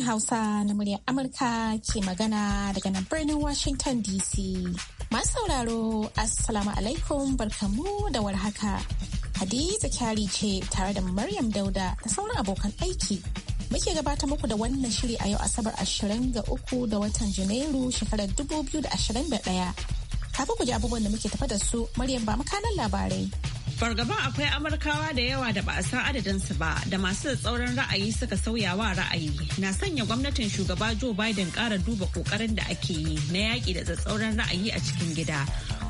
sashen Hausa na muryar Amurka ke magana daga nan birnin Washington DC. Masu sauraro, Assalamu alaikum barkamu da warhaka. Hadiza Kyari ce tare da Maryam Dauda da sauran abokan aiki. Muke gabata muku da wannan shiri a yau Asabar 23 da watan Janairu shekarar 2021. Kafin ku ji abubuwan da muke tafa da su, Maryam ba makanan labarai. fargaba akwai amurkawa da yawa da ba a san su ba da masu tsauran ra'ayi suka sauya wa ra'ayi na sanya gwamnatin shugaba joe biden kara duba kokarin da ake yi na yaƙi da tsauran ra'ayi a cikin gida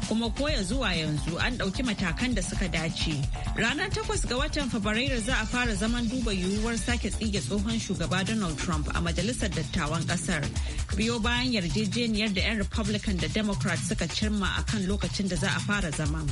kuma koya zuwa yanzu an ɗauki matakan da suka dace ranar takwas ga watan fabrairu za a fara zaman duba yiwuwar sake tsige tsohon shugaba donald trump a majalisar dattawan kasar biyo bayan yarjejeniyar da 'yan republican da democrat suka cimma a kan lokacin da za a fara zaman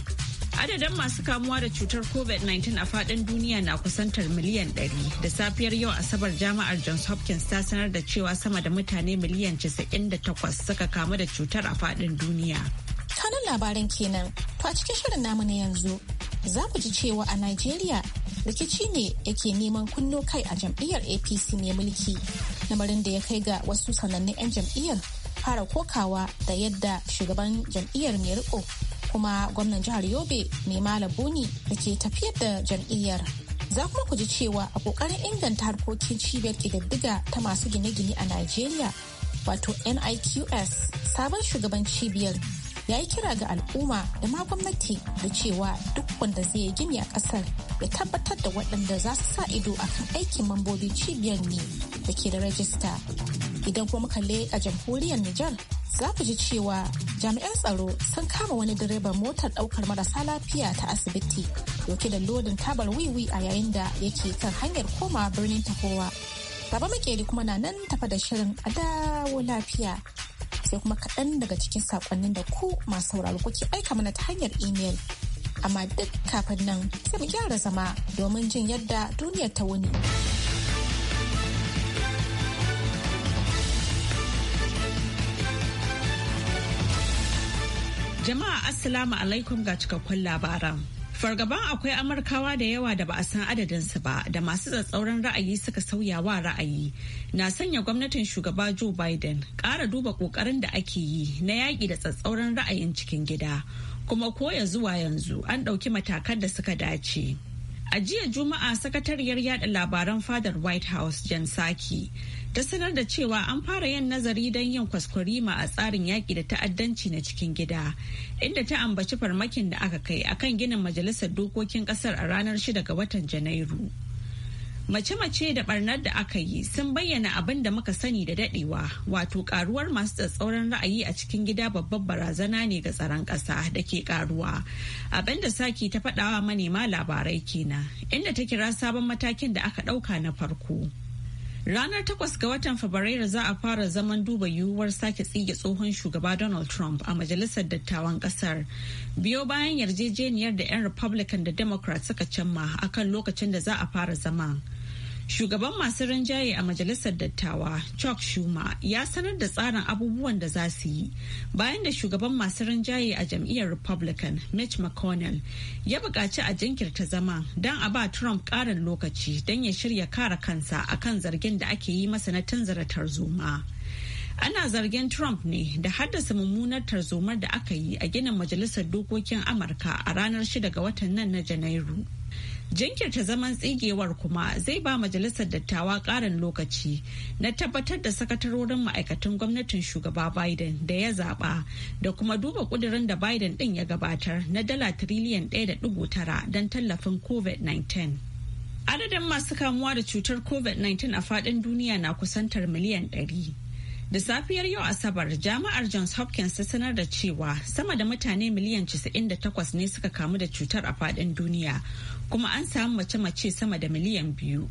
Adadin masu kamuwa da cutar COVID-19 a fadin duniya na kusantar miliyan 100 da safiyar yau Asabar jami'ar Johns Hopkins ta sanar da cewa sama da mutane miliyan 98 suka kamu da cutar a fadin duniya. kanan labaran kenan, to a cikin shirin namu na yanzu za ku ji cewa a Najeriya rikici ne yake neman kunno kai a jam'iyyar APC ne mulki, lamarin da ya kai ga wasu sanannun 'yan jam'iyyar fara kokawa da yadda shugaban jam'iyyar mai riko kuma gwamnan jihar yobe mai malam buni da ke tafiyar da jam'iyyar za kuma ku ji cewa a kokarin inganta harkokin cibiyar kididdiga ta masu gine-gine a Najeriya wato NIQS sabon shugaban cibiyar ya yi kira ga al'umma da ma gwamnati da cewa duk wanda zai yi gini a kasar ya tabbatar da waɗanda za su sa ido a kan aikin mambobin cibiyar ne da ke da rajista idan kuma muka a jamhuriyar Nijar za ku ji cewa jami'an tsaro sun kama wani direban motar daukar marasa lafiya ta asibiti dauke da lodin tabar wiwi a yayin da yake kan hanyar koma birnin tafowa baba makeri kuma na nan tafa da shirin a dawo lafiya sai kuma kaɗan daga cikin sakonnin da ku masu sauraro kuke aika mana ta hanyar imel amma duk kafin nan sai mu gyara zama domin jin yadda duniyar ta wuni. Jama'a Assalamu alaikum ga cikakkun labaran. Fargaban akwai Amurkawa da yawa da ba a san adadinsu ba da masu tsatsauran ra'ayi suka sauya wa ra'ayi na sanya gwamnatin shugaba Joe Biden ƙara duba ƙoƙarin da ake yi na yaƙi da tsatsauran ra'ayin cikin gida kuma koya zuwa yanzu an ɗauki matakan da suka dace. A jiya Juma'a sakatariyar yada labaran fadar White House Jan Saki ta sanar da cewa an fara yin nazari don yin kwaskwarima a tsarin yaƙi da ta'addanci na cikin gida inda ta ambaci farmakin da aka kai akan ginin majalisar dokokin ƙasar a ranar 6 ga watan Janairu. Mace-mace da barnar da aka yi sun bayyana abin da muka sani da dadewa wato karuwar masu tsatsauran ra'ayi a cikin gida babbar barazana ne ga tsaron ƙasa da ke karuwa. Abin da saki ta faɗawa manema labarai kenan inda ta kira sabon matakin da aka ɗauka na farko. Ranar takwas ga watan Fabrairu za a fara zaman duba yiwuwar sake tsige tsohon shugaba Donald Trump a Majalisar Dattawan Kasar. Biyo bayan yarjejeniyar da 'yan Republican da Democrat suka cimma akan lokacin da za a fara zaman. Shugaban masu rinjaye a Majalisar Dattawa, Chuck Schumer, ya sanar da tsarin abubuwan da za su yi bayan da shugaban masu rinjaye a jam'iyyar Republican, Mitch McConnell, ya buƙaci a jinkirta zama don a ba Trump ƙarin lokaci don ya shirya kare kansa a kan zargin da ake yi masa na tanzara tarzoma. ana zargin trump ne da haddasa mummunar tarzomar da aka yi a ginin majalisar dokokin amurka a ranar 6 ga watan nan na janairu jinkirta zaman tsigewar kuma zai ba majalisar dattawa ƙarin lokaci na tabbatar da sakatarorin ma'aikatan gwamnatin shugaba biden da ya zaɓa da kuma duba ƙudurin da biden ɗin ya gabatar na dala tiriliyan 1.9 don tallafin covid-19 adadin masu kamuwa da cutar covid-19 a fadin duniya na kusantar miliyan 100 Da safiyar yau Asabar, jami'ar Johns Hopkins ta sanar da cewa sama da mutane miliyan 98 ne suka kamu da cutar a fadin duniya, kuma an samu mace-mace sama da miliyan biyu.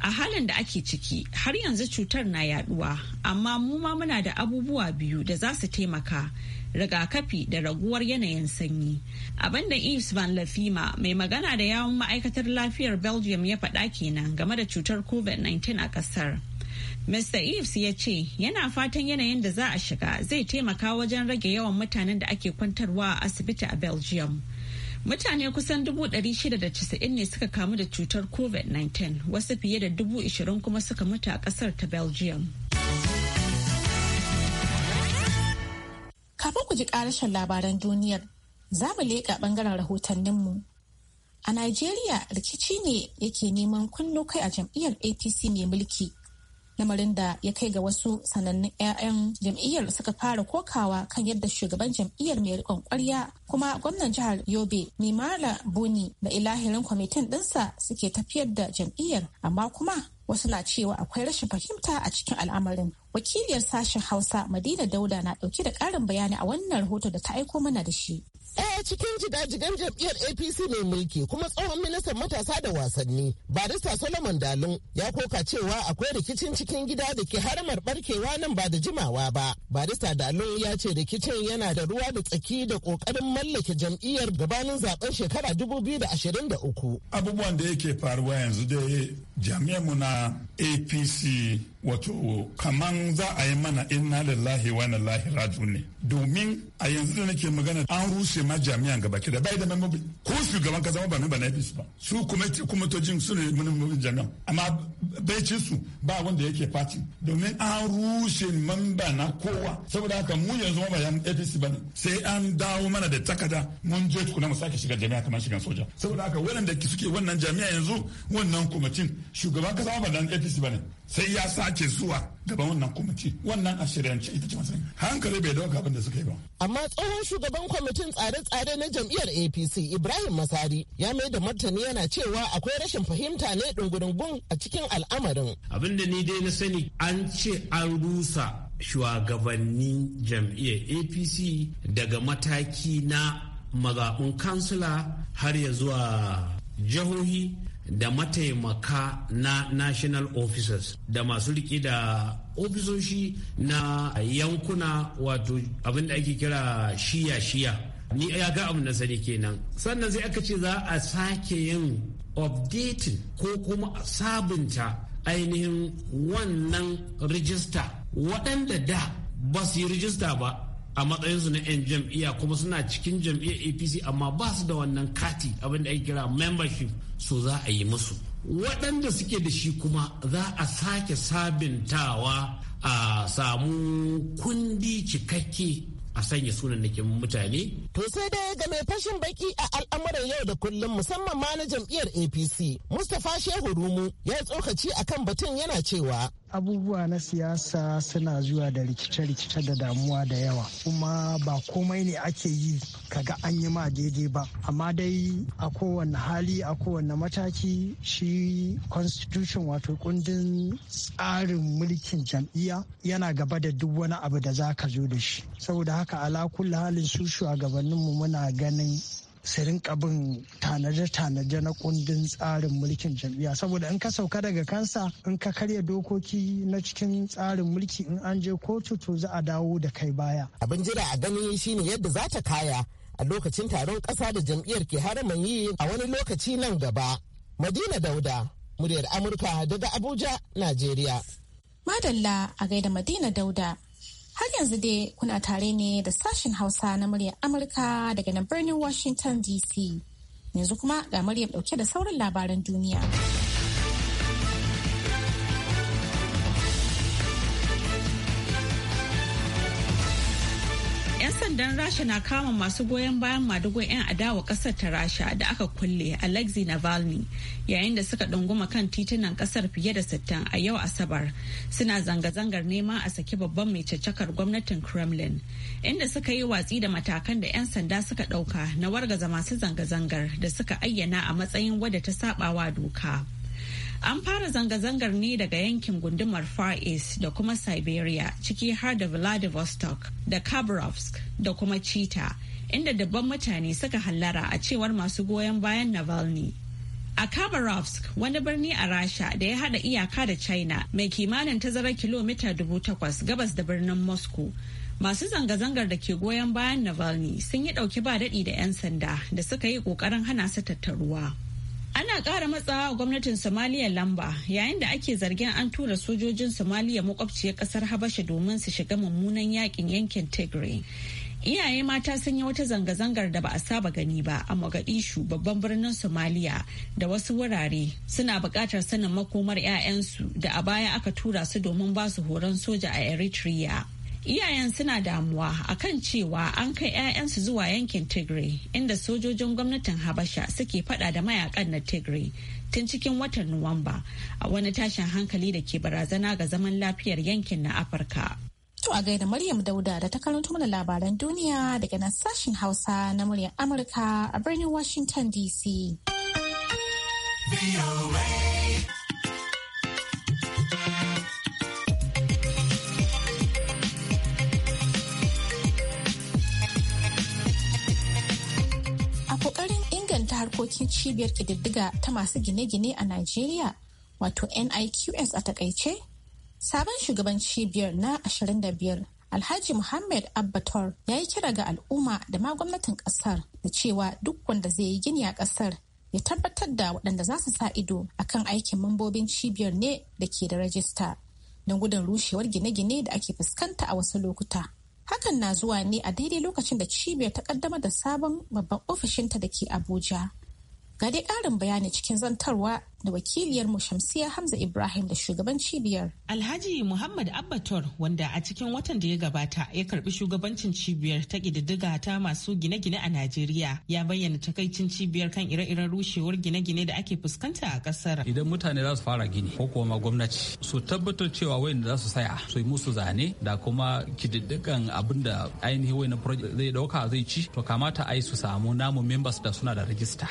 A halin da ake ciki har yanzu cutar na yaduwa amma mu ma muna da abubuwa biyu da za su taimaka rigakafi da raguwar yanayin sanyi. Abinda Yves Van Lafima mai magana da yawon ma'aikatar lafiyar Belgium ya faɗa kenan game da cutar COVID-19 a ƙasar. Mr. Eves ya ce yana fatan yanayin da za a shiga zai taimaka wajen rage yawan mutanen da ake kwantarwa a asibiti a Belgium. Mutane kusan 690 ne suka kamu da cutar COVID-19 wasu fiye da 20 kuma suka mutu a kasar ta Belgium. Kafin ku ji karashen labaran duniyar, za mu leƙa ɓangaren rahotanninmu. A Najeriya rikici ne yake neman kunno kai a jam'iyyar APC mai mulki lamarin da ya kai ga wasu sanannun 'ya'yan jam'iyyar suka fara kokawa kan yadda shugaban jam'iyyar mai rikon kwarya kuma gwamnan jihar yobe mimala buni da ilahirin kwamitin dinsa suke tafiyar da jam'iyyar amma kuma wasu na cewa akwai rashin fahimta a cikin al'amarin wakiliyar sashen hausa madina dauda na dauke da ƙarin bayani a wannan rahoto da ta aiko mana da shi Ɗaya eh, cikin jigajigan jam'iyyar APC mai mulki kuma tsohon ministan matasa da wasanni barista Solomon Dalun ya koka cewa akwai rikicin cikin gida da ke haramar barkewa nan ba da jimawa ba. Barista Dalun ya ce rikicin yana da ruwa da tsaki da kokarin mallake jam'iyyar gabanin zaben shekara 2023. Abubuwan da yake faruwa yanzu dai mu na apc wato kaman za a yi mana inna lillahi wa lillahi raju ne domin a yanzu da nake magana an rushe ma jami'an gaba ki da bai da membobi ko shugaban kasa ba ba na apc ba su kuma jin su ne membobin jami'an amma bai ci su ba wanda yake fati domin an rushe mamba na kowa saboda haka mu yanzu ba yan apc ba sai an dawo mana da takada mun je tukuna mu sake shiga jami'a kamar shigan soja saboda haka waɗanda suke wannan jami'a yanzu wannan kwamitin shugaban kasa ba dan apc ba ne sai ya sake zuwa gaban wannan kwamiti wannan a ce ita ce matsayin hankali bai dauka abin da suka yi ba amma tsohon shugaban kwamitin tsare-tsare na jam'iyyar apc ibrahim masari ya mai da martani yana cewa akwai rashin fahimta ne dungudungun a cikin al'amarin abin da ni dai na sani an ce an rusa shugabannin jam'iyyar apc daga mataki na mazaɓin kansila har ya zuwa jihohi da mataimaka na national officers da masu riƙe da ofisoshi na yankuna wato abin da ake kira shiya-shiya ni ya ga abin na sani kenan sannan sai aka ce za a sake yin updating ko kuma sabunta ainihin wannan rijista waɗanda da ba su yi rijista ba a matsayinsu na 'yan jam'iyya kuma suna cikin jam'iyyar apc amma ba su da wannan kati abin abinda ake kira membership so za a yi musu waɗanda suke da shi kuma za a sake sabintawa a samu kundi cikakke a sanya sunanakin mutane. To sai dai ga mai fashin baki a al'amuran yau da kullum musamman ma na jam'iyyar APC, Mustapha Shehu Rumu ya tsokaci akan batun yana cewa abubuwa na siyasa suna zuwa da rikice-rikice da damuwa da yawa kuma ba komai ne ake yi kaga an yi ma daidai ba amma dai a kowane hali a kowane mataki shi constitution wato kundin tsarin mulkin jam'iyya yana gaba da duk wani abu da za ka zo da shi saboda haka ala halin su shugabanninmu muna ganin su rinka bin tanaje-tanaje na kundin tsarin mulkin jam'iyya saboda in ka sauka daga kansa in ka karya dokoki na cikin tsarin mulki in an je kotu to za a dawo da kai baya abin jira a gani shine yadda za ta kaya a lokacin taron ƙasa da jam'iyyar ke haraman yi a wani lokaci nan gaba madina dauda muryar amurka daga abuja najeriya madalla a gaida madina dauda Har yanzu dai kuna tare ne da sashen Hausa na muryar Amurka daga nan birnin Washington DC. Yanzu kuma ga muryar dauke da sauran labaran duniya. sandan rasha na kama masu goyon bayan madugo 'yan adawa kasar ta rasha da aka kulle alexei navalny yayin da suka ɗunguma kan titunan kasar fiye da sittin a yau asabar suna zanga-zangar neman a saki babban mai caccakar gwamnatin kremlin inda suka yi watsi da matakan da 'yan sanda suka ɗauka na wargaza masu zanga-zangar da suka ayyana a matsayin wadda ta saɓawa doka. An fara zanga-zangar ne daga yankin gundumar Far East da kuma Siberia ciki har da Vladivostok da Khabarovsk da kuma Chita inda dabban mutane suka hallara a cewar masu goyon bayan Navalny. A Khabarovsk wani birni a Rasha da ya haɗa iyaka da China mai kimanin tazarar kilomita dubu takwas gabas da birnin Moscow. Masu zanga-zangar da ke goyon bayan Navalny sun yi ɗauki ba daɗi da 'yan sanda da suka yi ƙoƙarin hana su tattaruwa. Ana ƙara matsawa a gwamnatin Somaliya lamba yayin da ake zargin an tura sojojin Somaliya makwabciyar ƙasar Habasha domin su shiga mummunan yakin yankin Tigray. Iyaye mata sun yi wata zanga-zangar da ba a saba gani ba a Mogadishu babban birnin Somaliya da wasu wurare suna buƙatar sanin makomar 'ya'yansu da a baya aka tura su domin ba su horon soja a Eritrea. iyayen suna damuwa akan cewa an kai 'ya'yansu zuwa yankin tigray inda sojojin gwamnatin habasha suke fada da mayakan na tigray tun cikin watan nuwamba a wani tashin hankali da ke barazana ga zaman lafiyar yankin na afirka to a gaida maryam dauda da ta karanto mana labaran duniya daga nan sashen hausa na muryar amurka a birnin washington dc dokokin cibiyar ƙididdiga ta masu gine-gine a Najeriya, wato NIQS a takaice, sabon shugaban cibiyar na 25 Alhaji Muhammad Abbator ya yi kira ga al'umma da ma gwamnatin ƙasar da cewa duk wanda zai yi gini a ƙasar ya tabbatar da waɗanda za su sa ido akan aikin mambobin cibiyar ne da ke da rajista don gudun rushewar gine-gine da ake fuskanta a wasu lokuta. Hakan na zuwa ne a daidai lokacin da cibiyar ta kaddama da sabon babban ofishinta da ke Abuja. Ga dai ƙarin bayani cikin zantarwa da wakiliyarmu Shamsiya Hamza Ibrahim da shugaban cibiyar. Alhaji Muhammad Abbator wanda a cikin watan da ya gabata ya karbi shugabancin cibiyar ta ƙididdiga ta masu gine-gine a Najeriya ya bayyana takaicin cibiyar kan ire-iren rushewar gine-gine da ake fuskanta a kasar. Idan mutane za su fara gini ko kuma gwamnati su tabbatar cewa wayanda za su saya su yi musu zane da kuma kididdigan abin da ainihin wayan project zai dauka zai ci to kamata a yi su samu namu members da suna da rajista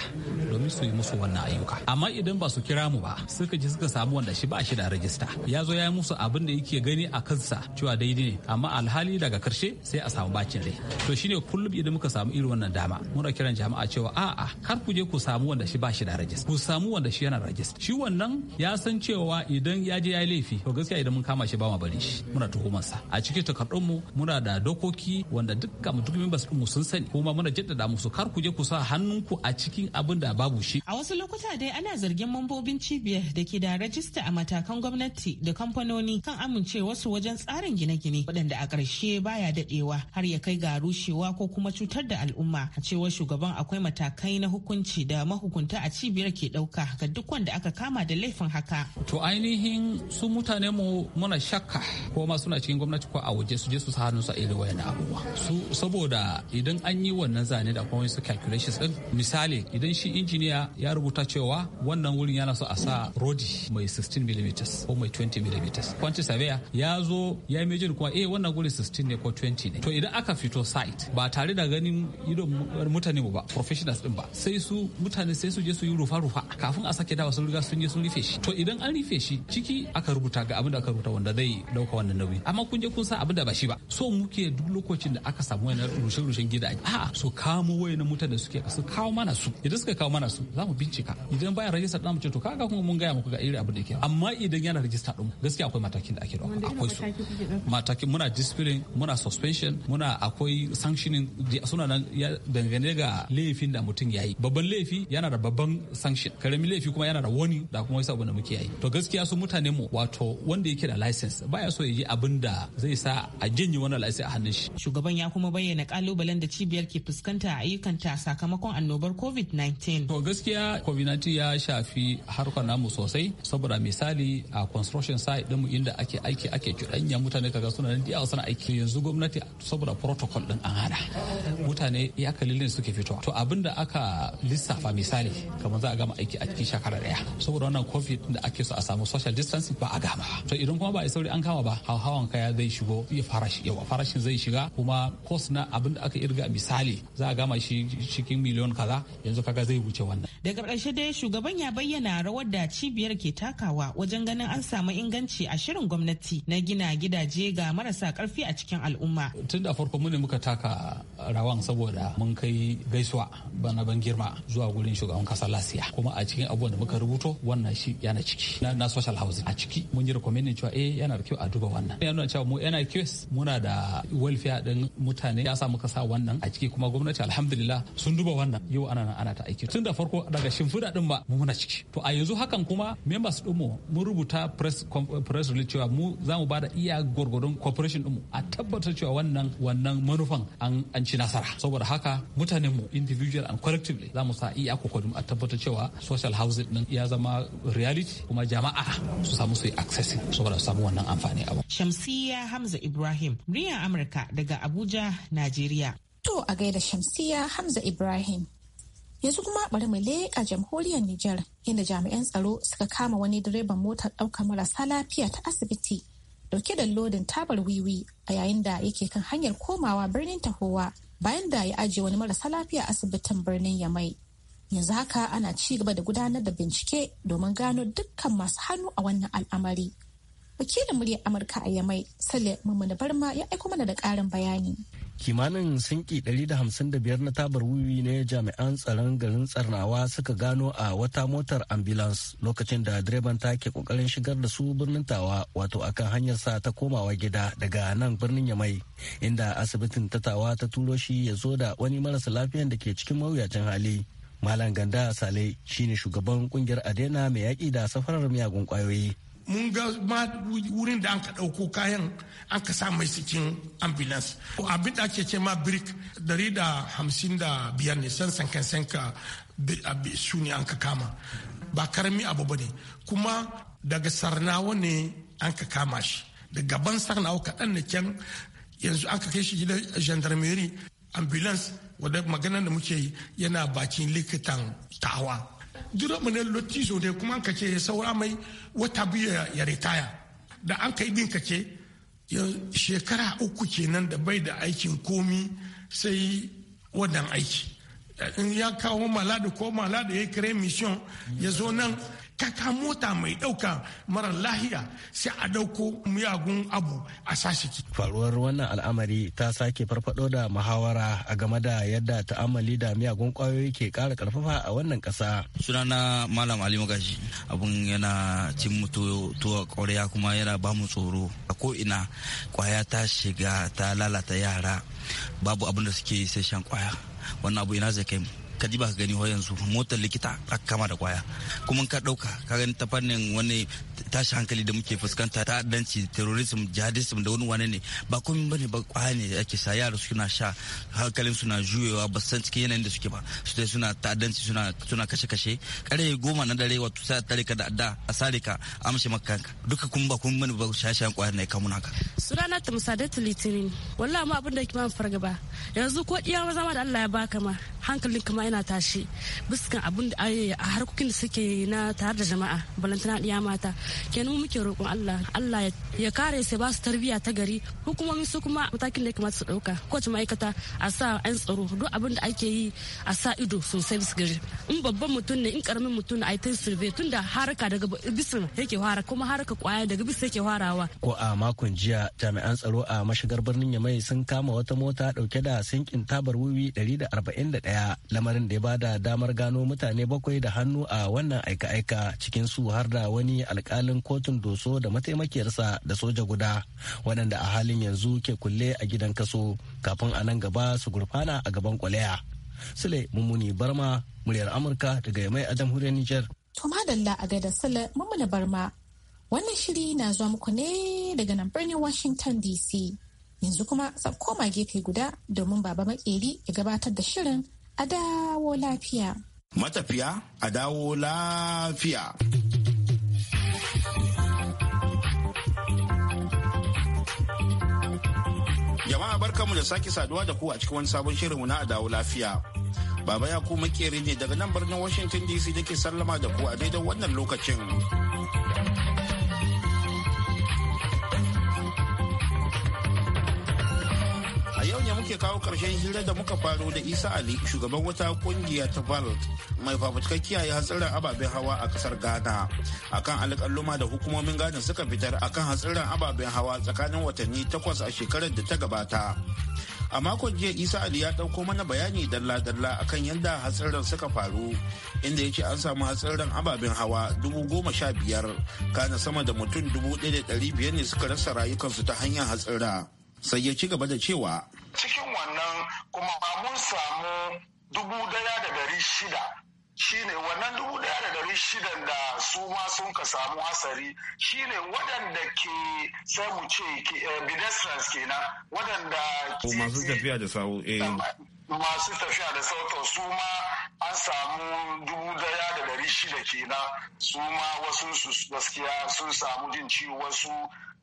domin su yi musu wannan ayyuka. Amma idan ba su su kira mu ba suka ji suka samu wanda shi ba shi da rajista ya zo ya yi musu abin da yake gani a kansa cewa daidai ne amma alhali daga karshe sai a samu bacin rai to shine kullum idan muka samu irin wannan dama muna kiran jama'a cewa a'a kar ku je ku samu wanda shi ba shi da rajista ku samu wanda shi yana rajista shi wannan ya san cewa idan ya je ya yi laifi to gaskiya idan mun kama shi ba mu bari shi muna tuhumar sa a cikin takardun mu muna da dokoki wanda dukkan mutum ba su sun sani kuma muna jaddada musu kar ku je ku sa hannunku a cikin abin da babu shi a wasu lokuta dai ana zargin mambobin cibiyar da ke da rajista a matakan gwamnati da kamfanoni kan amincewarsu wajen tsarin gine-gine waɗanda a ƙarshe baya daɗewa har ya kai ga rushewa ko kuma cutar da al'umma a cewar shugaban akwai matakai na hukunci da mahukunta a cibiyar ke ɗauka ga duk wanda aka kama da laifin haka. To ainihin su mutane mu muna shakka ko ma suna cikin gwamnati ko a waje su je su sa hannu su irin wayan abubuwa. Su saboda idan an yi wannan zane da kuma wasu calculations din misali idan shi injiniya ya rubuta cewa wannan wurin yana so a sa rodi mai 16 mm ko mai 20 mm kwanci surveyor ya zo ya yi kuma eh wannan guri 16 ne ko 20 ne to idan aka fito site ba tare da ganin idon mutane mu ba professionals din ba sai su mutane sai su je su yi rufa rufa kafin a sake dawa sun riga sun je sun rufe shi to idan an rufe shi ciki aka rubuta ga abin da aka rubuta wanda zai dauka wannan nauyi amma kun je kun sa abin da ba shi ba so muke duk lokacin da aka samu wani rushe rushen gidaje a so kamo wayannan mutane suke su kawo mana su idan suka kawo mana su za mu bincika idan bayan rajista da mu ce to kaga kuma mun gaya muku ga iri abu da ke amma idan yana rijista din gaskiya akwai matakin da ake dauka akwai su matakin muna discipline muna suspension muna akwai sanctioning suna nan dangane ga laifin da mutum yayi babban laifi yana da babban sanction karami laifi kuma yana da wani da kuma wasu abu da muke yayi to gaskiya su mutane mu wato wanda yake da license baya so ya yi abin da zai sa a janye wannan license a hannun shi shugaban ya kuma bayyana kalubalen da cibiyar ke fuskanta a ayyukanta sakamakon annobar covid-19 to gaskiya covid-19 ya shafi harkar namu sosai saboda misali a construction site ɗinmu inda ake aiki ake cuɗanya mutane kaga suna nan diyawa suna aiki yanzu gwamnati saboda protocol ɗin an hana mutane ya kalilin suke fito to abin da aka lissafa misali kamar za a gama aiki a cikin shekara daya saboda wannan covid da ake so a samu social distancing ba a gama to idan kuma ba a sauri an kama ba hawan kaya zai shigo ya farashi yawa farashin zai shiga kuma cost na abinda aka irga misali za a gama shi cikin miliyon kaza yanzu kaga zai wuce wannan daga ƙarshe dai shugaban ya bayyana bayyana rawar da cibiyar ke takawa wajen ganin an samu inganci a shirin gwamnati na gina gidaje ga marasa karfi a cikin al'umma. Tun da farko mune muka taka rawan saboda mun kai gaisuwa bana ban girma zuwa gurin shugaban kasa lasiya kuma a cikin abubuwan da muka rubuto wannan shi yana ciki na, na social housing a ciki mun yi recommending cewa eh yana da kyau a duba wannan. Yana nuna cewa mu NIQS muna da welfare din mutane ya sa muka sa wannan a ciki kuma gwamnati alhamdulillah sun duba wannan yau ana ana ta aiki. Tun da farko daga shimfiɗa din ba mu muna ciki. to a yanzu hakan kuma members dinmu mun rubuta press release cewa mu za mu bada iya gwargwadon corporation dinmu a tabbatar cewa wannan wannan manufan an ci nasara saboda haka mutanen mu individual and collectively za mu sa iya kokodi a tabbatar cewa social housing din ya zama reality kuma jama'a su samu su yi accessing saboda su samu wannan amfani abu Shamsiya Hamza Ibrahim muryar Amurka daga Abuja Najeriya To a gaida Shamsiya Hamza Ibrahim yanzu kuma bari mu leƙa jamhuriyar Nijar inda jami'an tsaro suka kama wani direban motar ɗaukar marasa lafiya ta asibiti dauke da lodin tabar wiwi a yayin da yake kan hanyar komawa birnin tahowa bayan da ya ajiye wani marasa lafiya asibitin birnin Yamai. Yanzu haka ana ci gaba da gudanar da bincike domin gano dukkan masu hannu a wannan al'amari. Wakilin muryar Amurka a Yamai, sale Mamman Barma ya aiko mana da ƙarin bayani. kimanin sinki 155 na tabar wiwi ne jami'an tsaron garin tsarnawa suka gano a wata motar ambulance lokacin da direban ta ke kokarin shigar da su birnin tawa wato akan hanyar sa ta komawa gida daga nan birnin yamai inda asibitin ta tawa ta turo shi ya zo da wani marasa lafiyan da ke cikin mawuyacin hali malam ganda sale shine shugaban kungiyar adena mai yaƙi da safarar miyagun kwayoyi mun ga wurin da an ka ɗauko kayan an ka sa mai cikin ambulance abin da ake ce ma brick dari da hamsin da biyar ne san sankan sanka su ne an ka kama ba karami abu ba ne kuma daga sarnawa ne an ka kama shi da gaban sarnawa kaɗan na can yanzu an ka kai shi gidan gendarmerie ambulance wadda maganar da muke yana bakin likitan tawa duro mu ne lotizo ne kuma kace ya saura mai wata biyu ya ritaya da an kai bin kace shekara uku kenan da bai da aikin komi sai wannan aiki in ya kawo maladi ko maladi ya kire mission ya zo nan ta mota mai ɗauka marar lahiya sai a ɗauko miyagun abu a sashiki. faruwar wannan al'amari ta sake farfado da muhawara a game da yadda ta'amali da miyagun kwayoyi ke ƙara ƙarfafa a wannan ƙasa. sunana malam ali magaji abun yana cin mutu tuwa ƙwarya kuma yana ba mu tsoro a ko ina kwaya ta shiga ta lalata yara babu abin da suke sai shan kwaya wannan abu ina zai kai mu ka ji ba ka gani yanzu motar likita aka kama da kwaya kuma ka ɗauka ka gani ta fannin wani tashi hankali da muke fuskanta ta ta'addanci terrorism jihadism da wani wane ne ba komai bane ba kwaya ne ake sa yara suna sha hankalin suna juyewa ba san cikin yanayin da suke ba su dai suna ta'addanci suna suna kashe kashe kare goma na dare wato sai tare ka da adda a sare ka amshe maka kanka duka kun ba kun bane ba shashayan kwaya ne kamun suna sunana ta musadatu litinin wallahi mu abin da ke fargaba yanzu ko iya maza ma da Allah ya baka ma hankalin kama yana tashi biskan abin da a harkokin da suke na tare da jama'a balantana diya mata kenan muke roƙon Allah Allah ya kare su ba su tarbiyya ta gari hukumomi su kuma matakin da ya kamata su ɗauka kowace ma'aikata a sa an tsaro duk abin da ake yi a sa ido sosai bisa gari in babban mutum ne in karamin mutum ne a yi ta surve tun da haraka daga bisa yake fara kuma haraka kwaya daga bisa yake farawa. ko a makon jiya jami'an tsaro a mashigar birnin yamai sun kama wata mota dauke da sinkin tabar da 141 lamarin da ya bada damar gano mutane bakwai da hannu a wannan aika-aika cikin su har da wani alkali alkalin kotun doso da mataimakiyarsa da soja guda waɗanda a halin yanzu ke kulle a gidan kaso kafin a nan gaba su gurfana a gaban kwalaya sule mummuni barma muryar amurka daga yamai a jamhuriyar nijar. to madalla a gaida sule mummuni barma wannan shiri na zuwa muku ne daga nan birnin washington dc yanzu kuma sab koma gefe guda domin baba makeri ya gabatar da shirin a dawo lafiya matafiya a dawo lafiya Jama'a barkanmu da sake saduwa da ku a cikin wani sabon shirinmu na dawo Lafiya. Baba ya ku makere ne daga nan birnin Washington DC da ke sallama da ku a daidai wannan lokacin. kawo karshen hirar da muka faro da isa ali shugaban wata kungiya ta valt mai fafutukar kiyaye hatsarin ababen hawa a kasar ghana akan alƙalluma da hukumomin ghana suka fitar akan hatsarin ababen hawa tsakanin watanni takwas a shekarar da ta gabata a makon jiya isa ali ya ɗauko mana bayani dalla-dalla akan yadda hatsarin suka faru inda ya ce an samu hatsarin ababen hawa dubu goma sha biyar kana sama da mutum dubu ɗaya da ɗari biyar ne suka rasa rayukansu ta hanyar hatsara sai ya ci gaba da cewa cikin wannan kuma mun samu dubu daya da dari shida shine wannan dubu daya da dari shidan da su ma sun ka samu hasari shine waɗanda ke sai mu ce eh, pedestrians kenan waɗanda eh. masu tafiya da sawu masu tafiya da sautin su ma an samu dubu daya da dari shida kenan su ma wasu gaskiya sun samu jin ciwo wasu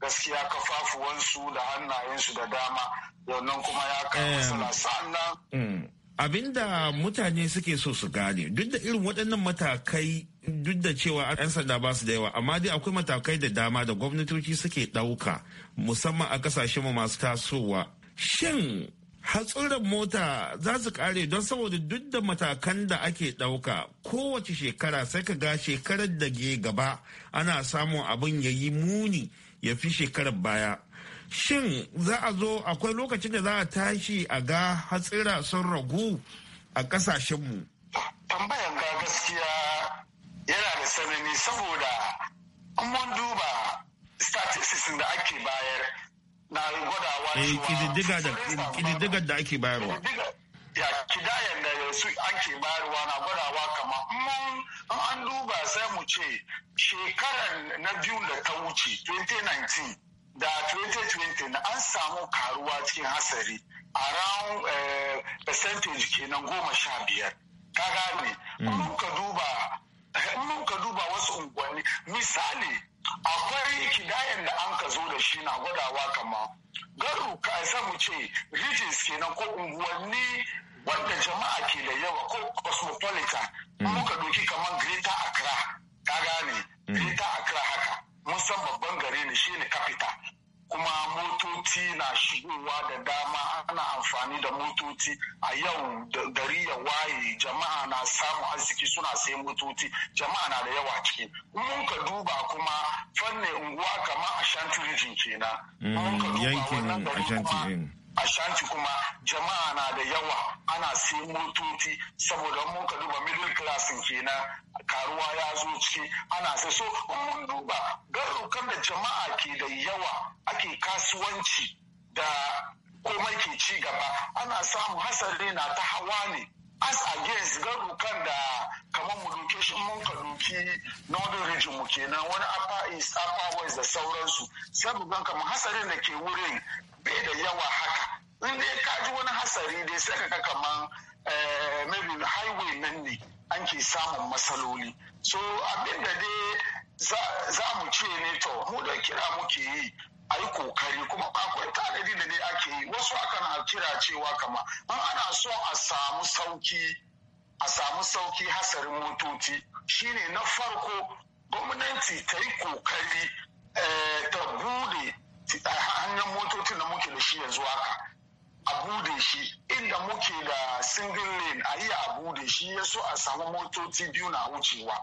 gaskiya kafafuwansu da hannayensu da dama yannan kuma ya kawo eh. matsala sa'annan mm. abinda mutane suke so su gane duk da irin waɗannan matakai duk da cewa 'yan sanda ba su da yawa amma dai akwai matakai da dama da gwamnatoci suke ɗauka musamman a ƙasashe masu tasowa shin hatsuran mota za su kare don saboda duk da matakan da ake ɗauka kowace shekara sai ka ga shekarar da ke gaba ana samun abin ya yi muni ya fi shekarar baya shin za a zo akwai lokacin da za a tashi a ga hatsira sun ragu a kasashenmu tambayan ga gaskiya yana da sanani saboda mun duba statistics da ake bayar na gwadawa kididdiga eh, da ake bayarwa ya kidayen da yanzu ake bayarwa na gwadawa kama in an duba sai mu ce shekaran na biyu da ta wuce 2019 da 2020 an samu karuwa cikin hasari around uh, percentage kenan goma sha biyar ka gane mm. Eh, ka duba wasu unguwanni misali akwai kidayen da an ka zo da shi na gwadawa kama garu ka isa mu ce regions kenan ko unguwanni wanda jama'a ke da yawa ko cosmopolitan mm. ka doki kamar greater accra ka gane mm. greater accra haka mun san babban gari ne shi ne capital kuma motoci na shigowa da dama ana amfani da motoci a yau gari ya waye jama'a na samu arziki suna sayan motoci jama'a na da yawa ciki mun ka duba kuma fannin unguwa kamar ashanti region kenan mun ka duba mm, wannan gari kuma mm. A shanti kuma jama'a na da yawa ana sai motoci saboda mun ka duba middle class kenan karuwa ya zo ciki ana sai so mun duba garrukan da jama'a ke da yawa ake kasuwanci da komai ke ci gaba ana samun hasari na ta hawa ne as against garukan da kamar mu duke shi mun ka duki northern region mu kenan wani upper east upper west da sauransu sai mu ka hasarin da ke wurin bai da yawa haka in dai ka ji wani hasari dai sai ka kaman maybe highway nan ne an ke samun matsaloli so abin da dai za mu ce ne to mu da kira muke yi a yi kokari kuma akwai tanadi da ne ake yi wasu akan kira cewa kama in ana so a samu sauki a samu sauki hasarin motoci shine na farko gwamnati ta yi kokari eh, ta bude eh, hanyar motocin da muke da shi yanzu haka a bude shi inda muke da single lane a iya a bude shi ya so a samu motoci biyu na wucewa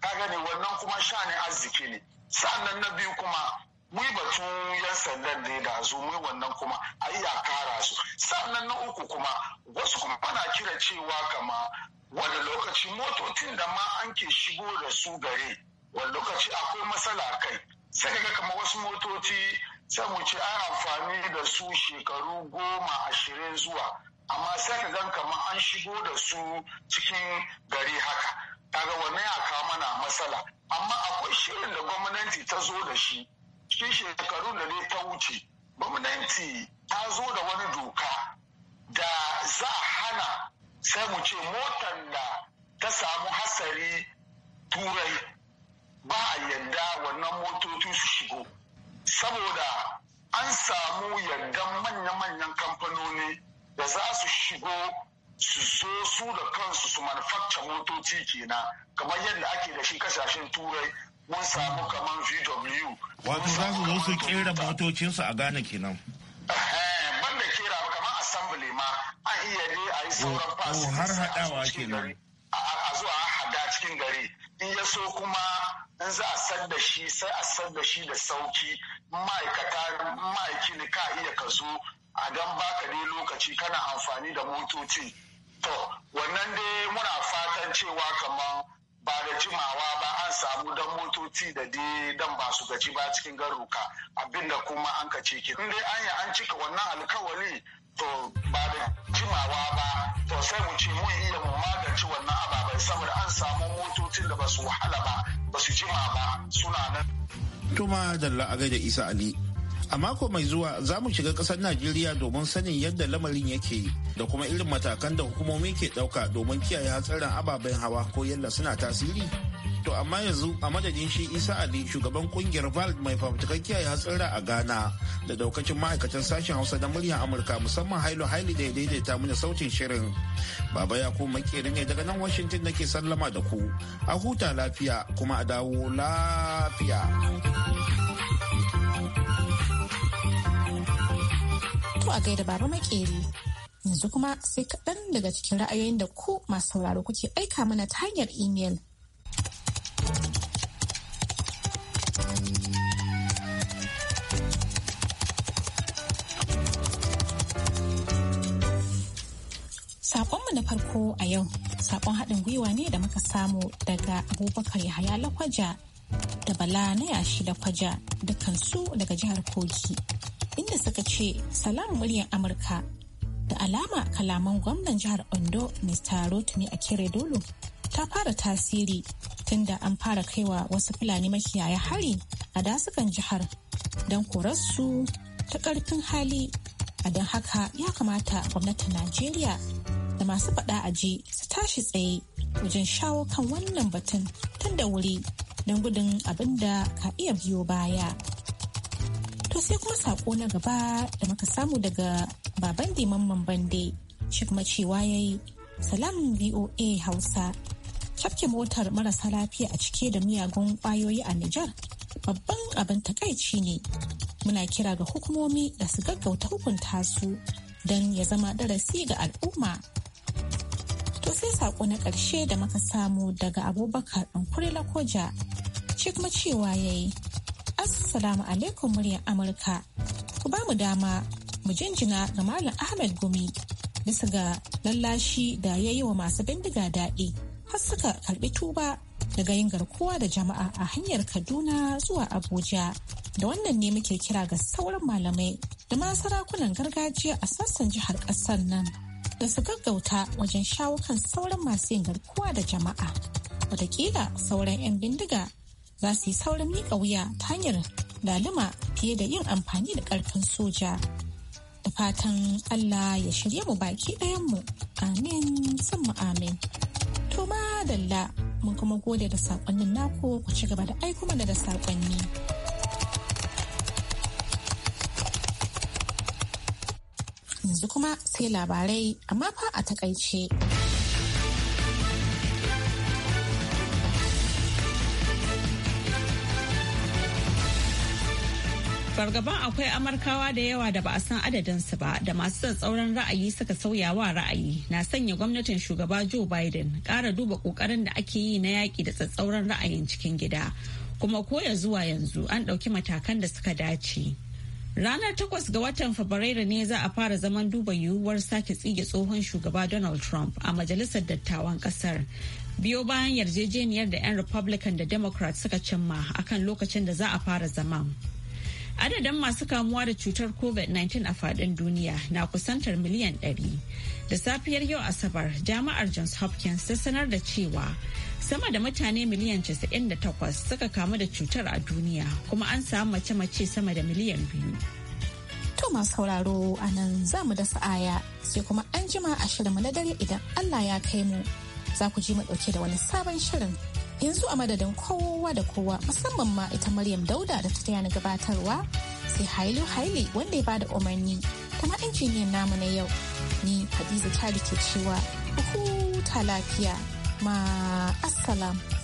ka gani wannan kuma sha ne arziki ne sa'annan na biyu kuma wai batu yan sandan da ya dazu mu wannan kuma a ya kara su sannan na uku kuma wasu kuma ana kira cewa kama wani lokaci motocin da ma an ke shigo da su gare wani lokaci akwai matsala kai sai kaga kama wasu motoci sai mu ce an amfani da su shekaru goma ashirin zuwa amma sai ka gan kama an shigo da su cikin gari haka kaga wannan ya kawo mana matsala amma akwai shirin da gwamnati ta zo da shi cikin shekarun da ne ta wuce gwamnati ta zo da wani doka da za a hana sai mu ce motar da ta samu hasari turai ba a yadda wannan motoci su shigo saboda an samu yardan manya-manyan kamfanoni da za su shigo su zo su da kansu su manufacta motoci kenan kamar yadda ake da shi kasashen turai mun samu kamar VW. Wato za su zo su kera motocinsu a Ghana kenan. Eh, Banda kera ba kamar assembly ma a iya ne a yi sauran fasi. Oh, oh, har haɗawa kenan. A zuwa hada cikin gari. In ya so kuma in za a san da shi sai a san da shi da sauki ma'aikata ma'aiki ne ka iya ka zo a dan baka dai lokaci kana amfani da motocin. To, wannan dai muna fatan cewa kamar ba da jimawa ba an samu dan motoci da dai dan ba su gaji ba cikin garuka abinda kuma an ka ce in dai an yi an cika wannan alkawari to ba da jimawa ba to sai mu ce mun iya mu magance wannan ababai saboda an samu motocin da ba su wahala ba ba su jima ba suna nan. Tuma Jalla a da Isa Ali A mako mai zuwa za mu shiga kasar Najeriya domin sanin yadda lamarin yake da kuma irin matakan da hukumomi ke ɗauka domin kiyaye hatsarin ababen hawa ko yalla suna tasiri. To amma yanzu a madadin shi Isa Ali shugaban kungiyar VALD mai fafutukar kiyaye hatsara a Ghana da daukacin ma'aikatan sashen Hausa na muryar Amurka musamman Hailu Haili da ya daidaita mana sautin shirin. Baba Yakubu makeri ne daga nan Washington nake sallama da ku. A huta lafiya kuma a dawo lafiya. ko a gaida baba makeri. Yanzu kuma sai kaɗan daga cikin ra'ayoyin da ku masu sauraro kuke aika mana ta hanyar imel. saƙonmu na farko a yau, saƙon haɗin gwiwa ne da muka samu daga Abubakar Yahaya Lakwaja da Bala na yashi Lakwaja dukansu daga jihar Kogi. inda suka ce salam muryar amurka da alama kalaman gwamnan jihar ondo mr rotimi akeredolu ta fara tasiri tunda an fara kaiwa wasu fulani makiyaya hari a dasukan jihar don korarsu ta ƙarfin hali a don haka ya kamata gwamnatin najeriya da masu faɗa aji su tashi tsaye wajen shawo kan wannan batun tun da wuri don gudun abin da ka iya biyo baya. To sai kuma sako na gaba da muka samu daga baban mamman bande shi kuma cewa ya yi salam VOA Hausa. Cafke motar marasa lafiya a cike da miyagun kwayoyi a Nijar babban abin takaici ne. Muna kira ga hukumomi da su gaggauta hukunta su don ya zama darasi ga al'umma. To sai sako na ƙarshe da muka samu daga abubakar ɗan kurela koja. Shi cewa ya yi Assalamu alaikum muryar Amurka. Ku ba mu dama mu jinjina ga Malam Ahmed Gumi bisa ga lallashi da ya yi wa masu bindiga daɗi har suka karɓi tuba daga yin garkuwa da jama'a a hanyar Kaduna zuwa Abuja. Da wannan ne muke kira ga sauran malamai da ma sarakunan gargajiya a sassan jihar ƙasar nan da su gaggauta wajen shawo kan sauran masu yin garkuwa da jama'a. Wataƙila sauran 'yan bindiga za su yi saurin miƙa wuya ta hanyar laluma fiye da yin amfani da ƙarfin soja. Da fatan Allah ya shirya mu baki ɗayanmu. Amin, sun mu amin. To dalla, mun kuma gode da saƙonnin naku ku ci gaba da aiko mana da saƙonni. Yanzu kuma sai labarai amma fa a takaice. fargaban akwai amarkawa da yawa da ba a san su ba da masu son tsauran ra'ayi suka sauya wa ra'ayi na sanya gwamnatin shugaba joe biden kara duba kokarin da ake yi na yaki da tsatsauran ra'ayin cikin gida kuma koya zuwa yanzu an ɗauki matakan da suka dace ranar takwas ga watan fabrairu ne za a fara zaman duba yiwuwar sake tsige tsohon shugaba donald trump a majalisar dattawan kasar biyo bayan yarjejeniyar da 'yan republican da democrat suka cimma akan lokacin da za a fara zaman Adadin masu kamuwa da cutar COVID-19 a fadin duniya na kusantar miliyan 100. Da safiyar yau Asabar, jami'ar Johns Hopkins ta sanar da cewa sama da mutane miliyan 98 suka kamu da cutar a duniya kuma an samu mace-mace sama da miliyan 2. To masu sauraro a nan za mu dasa aya sai kuma an jima a shirinmu na dare idan Allah ya kai mu. Za ku ji mu ɗauke da wani sabon shirin yanzu a madadin kowa da kowa musamman ma ita maryam dauda da ta taya ni gabatarwa sai hailu haili wanda ya bada umarni ta injiniyan namu na yau ni hadiza kyari ke cewa huta lafiya ma assalam